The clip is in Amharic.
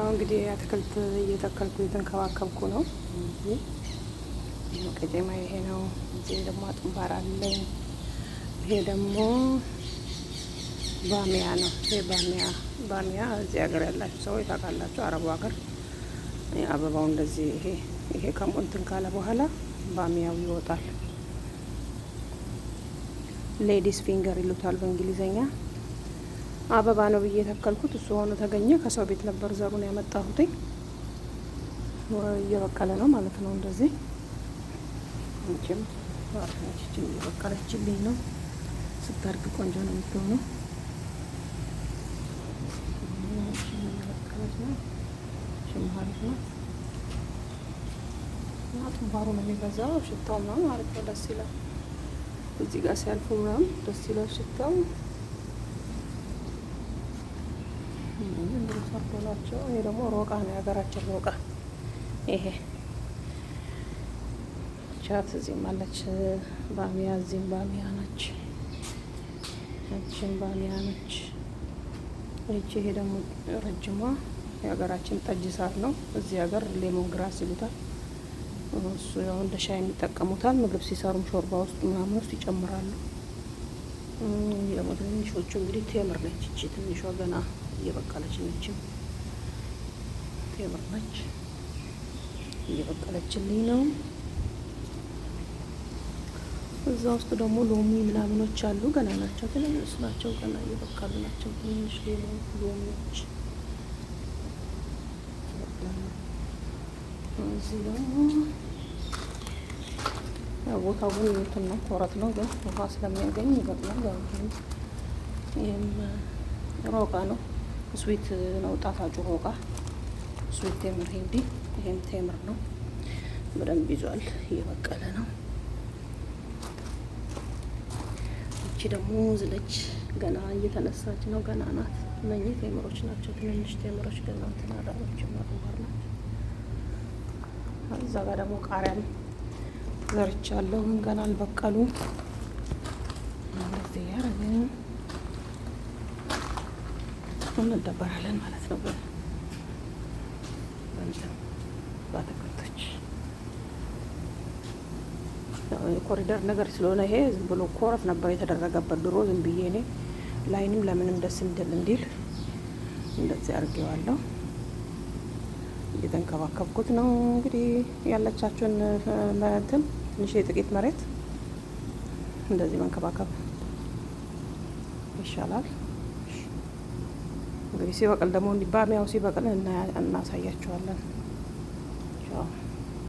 አሁን እንግዲህ አትክልት እየተከልኩ እየተንከባከብኩ ነው። ይህ ይሄ ነው። ይሄ ደግሞ አጥንባር አለኝ። ይሄ ደግሞ ባሚያ ነው። ይሄ ባሚያ ባሚያ እዚህ ሀገር ያላችሁ ሰዎች ታውቃላችሁ። አረቡ ሀገር አበባው እንደዚህ ይሄ ይሄ ከሞንትን ካለ በኋላ ባሚያው ይወጣል። ሌዲስ ፊንገር ይሉታል በእንግሊዝኛ አበባ ነው ብዬ የተከልኩት እሱ ሆኖ ተገኘ። ከሰው ቤት ነበር ዘሩን ያመጣሁት። እየበቀለ ነው ማለት ነው። እንደዚህ እንቺም እንቺም እየበቀለችልኝ ነው። ስታድግ ቆንጆ ነው የምትሆነው። እየበቀለች ነው። ሽምሀሪት እና ትንባሩ ነው የሚበዛው። ሽታው ምናምን ማለት ነው። ደስ ይላል። እዚህ ጋር ሲያልፉ ምናምን ደስ ይላል ሽታው ሰርዶ ናቸው። ይሄ ደግሞ ሮቃ ነው የሀገራችን ሮቃ። ይሄ ቻት እዚህም አለች ባሚያ፣ እዚህም ባሚያ ነች፣ እችን ባሚያ ነች። ይቺ ይሄ ደግሞ ረጅሟ የሀገራችን ጠጅ ሳር ነው። እዚህ ሀገር ሌሞን ግራስ ይሉታል። እሱ ያው እንደ ሻይ የሚጠቀሙታል። ምግብ ሲሰሩም ሾርባ ውስጥ ምናምን ውስጥ ይጨምራሉ። ደግሞ ትንሾቹ እንግዲህ ቴምር ነች። እቺ ትንሿ ገና እየበቀለች ነችም የበራች እየበቀለችልኝ ነው። እዛ ውስጥ ደግሞ ሎሚ ምናምኖች አሉ። ገና ናቸው፣ ትንንሽ ናቸው፣ ገና እየበቀሉ ናቸው። ትንንሽ ሎሚዎች እዚህ ደግሞ ቦታው ግን እንትን ነው፣ ኮረት ነው። ግን ውሃ ስለሚያገኝ ይበቅላል። ይህም ሮቃ ነው። ስዊት ነው ጣፋጩ ሆጋ ስዊት ቴምር ሂንዲ። ይሄም ቴምር ነው፣ በደንብ ይዟል፣ እየበቀለ ነው። እቺ ደግሞ ዝለች ገና እየተነሳች ነው፣ ገና ናት። እነኚህ ቴምሮች ናቸው፣ ትንንሽ ቴምሮች ገና ትናዳሮች ማግባር ናቸው። እዛ ጋር ደግሞ ቃሪያም ዘርቻለሁ፣ ገና አልበቀሉም። እንደበራለን ማለት ነው። በአትክልቶች የኮሪደር ነገር ስለሆነ ይሄ ዝም ብሎ ኮረት ነበር የተደረገበት ድሮ ዝም ብዬ እኔ ላይንም ለምንም ደስ እንድል እንዲል እንደዚህ አድርጌዋለሁ። እየተንከባከብኩት ነው እንግዲህ ያለቻችሁን እንትን ትንሽ የጥቂት መሬት እንደዚህ መንከባከብ ይሻላል። እንግዲህ ሲበቅል ደግሞ ባሚያው ሲበቅል እናሳያችኋለን።